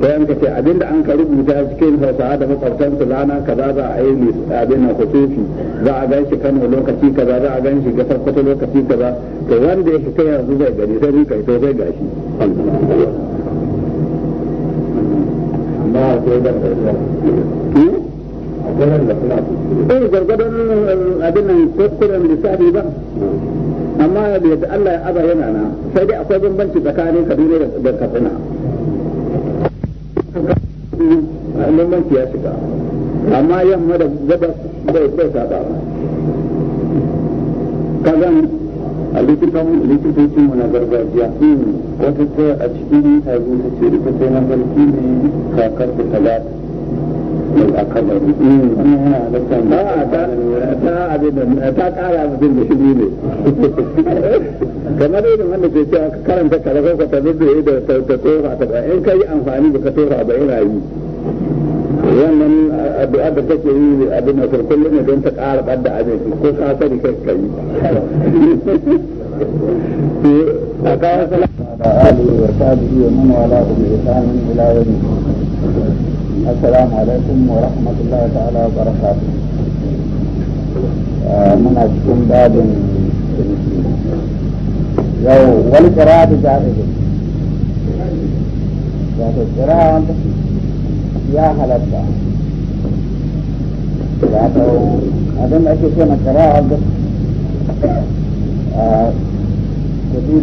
sai an kace abin da an ka rubuta cikin hausawa da makwabtan su lana kaza za a yi abin nan kusurfi za a gan shi kano lokaci kaza za a gan shi gasar kwata lokaci kaza to wanda ya fita yanzu zai gani sai ni kai to zai gashi amma sai da eh gargadon eh, abin nan kuskuren lissafi ba amma da yadda Allah ya aza yana na sai dai akwai bambanci tsakanin kaduna da katsina bambanci ya shiga amma yamma da gabas bai bai saba kazan a likitocin mu na gargajiya hmm, wata ta a cikin eh, ta ta ce ita na ne kakar da talata a kamar ta kara mutum da shiri ne kamar yadda wanda ke cewa ka karanta kalakon ka ta zuzzaye da ta tofa ta ba in ka yi amfani da ka tofa ba yana yi wannan addu'a da take yi abin da kullum ne don ta ƙara ɓadda abin ko ka sani kai ka yi a kawo salama da alihi wa sabihi wa man wala bi ihsanin ila yawm السلام عليكم ورحمة الله تعالى وبركاته آه، من أجكم باب يو والقراءة جاهزة جاهزة يعني القراءة يا هلا حلقة جاهزة يعني أدن أكيسين القراءة جاهزة كثير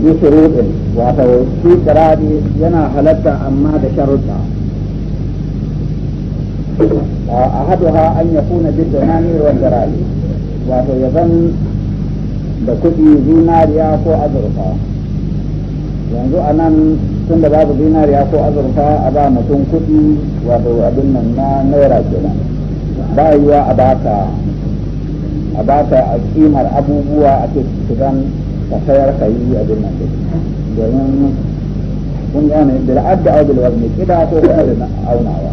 bi wato shi kirari yana halatta amma da sharuɗa a haduha an ya kuna bi donani wa wato ya zan da kuɗi zinariya ko azurfa yanzu a nan tun da babu zinariya ko azurfa a ba mutum kuɗi wato abin nan na naira kenan ba yiwa a baka a baka a kimar abubuwa a cikin ka sayar ka yi abin nan da domin kun gane bil adda aw bil wazni kida ko irin aunawa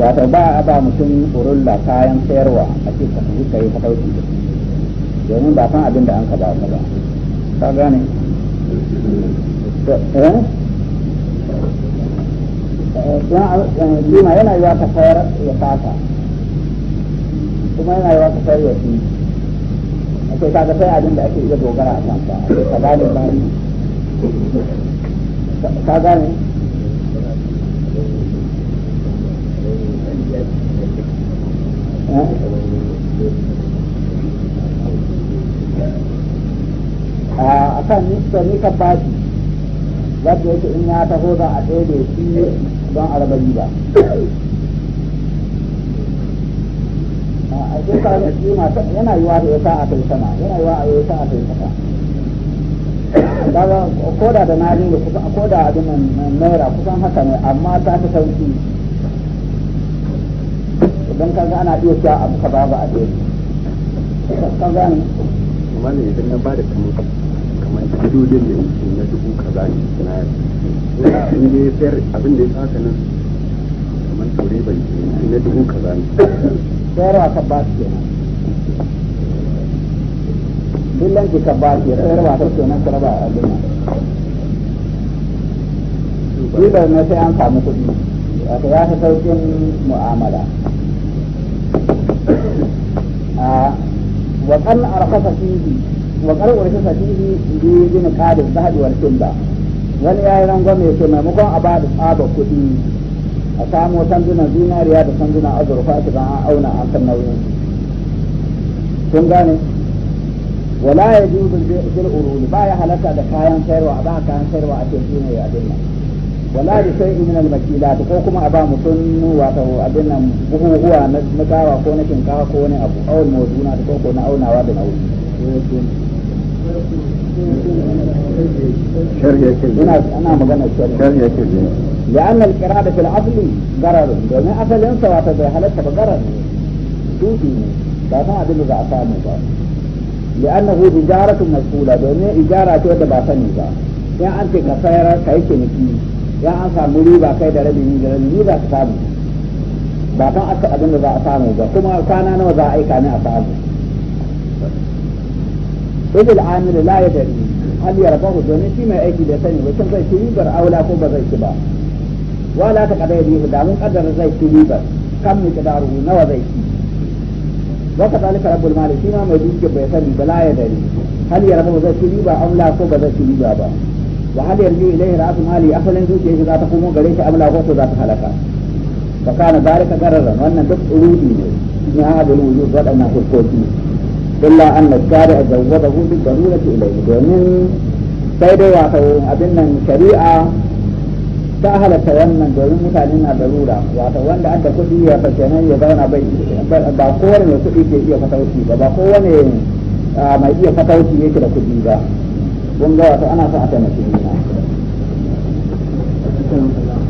wato ba a ba mutum urulla kayan sayarwa a ce ka yi kai ka dauki domin ba san abin da an ka ba ka ba ka gane Lima yana yi wa ka sayar ya kasa kuma yana yi wa ka sayar ya fi to kaga sai abin da ake iya dogara a kan ka gane bayi ka gane eh? ah, a kan nista ne ka bashi wadda yake in ya taho za a ɗaya da shi don arabari ba ko ka yi masu yana yiwa da yasa a kai sama yana yiwa a yasa a kai sama daga koda da nari da koda abin nan naira kusan haka ne amma ta fi sauki idan ka ga ana iya abu ka babu a dai ka gani amma ne idan na kamar kamar da yake na dubu kaza ne na in sayar abin da ya saka nan kamar ban na dubu kaza ne sayarwa ta ba su kenan dillan ki ka ba su sayarwa ta kenan ka raba a duniya ribar na sai an samu kuɗi ya fi sauƙin mu'amala a wakan arkasa fihi wakan arkasa kimba wani yayin rangwame ce a ba da tsaba kuɗi a samo sanduna zinariya da sanduna azurfa ta an auna an san nauyin kun gane wala ya ji bil uruni ba ya halatta da kayan sayarwa ba kayan sayarwa a cikin ne ya dinnan wala da sai in nan makila ko kuma a ba mutum wato abin nan buhuhuwa na mutawa ko na shinkawa ko wani abu awul mawduna ko ko na aunawa da nauyi ina magana shari'a لأن القرادة في الأصل قرر دون أصل ينسى وتدهلت بقرر توتي بابا عدل ذا لأنه إجارة مسؤولة دون إجارة تود باسني ذا يا أنت كفيرة كيف نكي يا أنت مريبا كيف ربي نجر نجر أسام بابا عدل ذا أسام ذا كما كان أنا ذا أي كان أسام إذ العامل لا يدري هل يربه دوني فيما أكيد سني وكم زي سيبر أو لا كوبا زي سيبار wala ta kada yadi da mun kaddara zai ci riba kan mu kadaru nawa zai ci wa ka zalika rabbul mali shi ma mai dukiya bai sani bala ya dari hal ya zai ci riba amla ba zai ci riba ba wa hal yarju ilayhi ra'atul mali asalin dukiya shi za ta kuma gare shi amla ko za ta halaka fa kana zalika gararan wannan duk urudi ne ni hadal wujud wadannan hukoki illa anna shari'a zawwadahu bi darurati ilayhi domin sai dai wato abin nan shari'a ta halatta wannan domin mutane na rura wato wanda da kuɗi ya nan ya zauna bai ba kowane mai kuɗi ke iya fatauci ba ba kowane mai iya fatauci yake da kuɗi ba kun ga wato ana son a taimake ni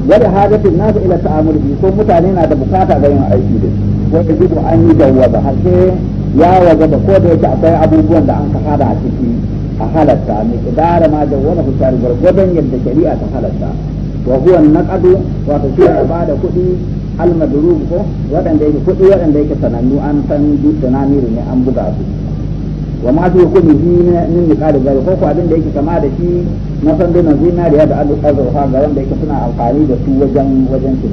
wada hajjafin nasu ila ta'amur bi ko mutane na da bukata ga yin aiki da shi wanda jibu an yi jawwaza har sai ya waje da ko da yake akwai abubuwan da an ka hada a ciki a halatta mai kidara ma da ku shari gwargwadon yadda shari'a ta halatta wa huwa naqadu wato shi ya ba da kuɗi almadrub ko waɗanda yake kuɗi waɗanda yake sanannu an san duk dinamiru ne an buga su wa ma fi kulli hi min niqad gal gari ko abin da yake kama da shi na na zina da ya da alu azruha ga wanda yake suna amfani da su wajen wajen su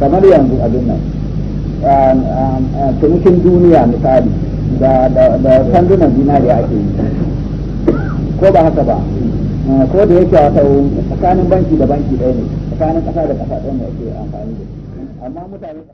kamar yanzu abin nan cinikin duniya misali da da sandunan zinariya ake yi ko ba haka ba Eh, ko da yake wata tsakanin banki da banki ɗaya ne tsakanin ƙasa da ƙasa ɗaya ne ake amfani da shi amma mutane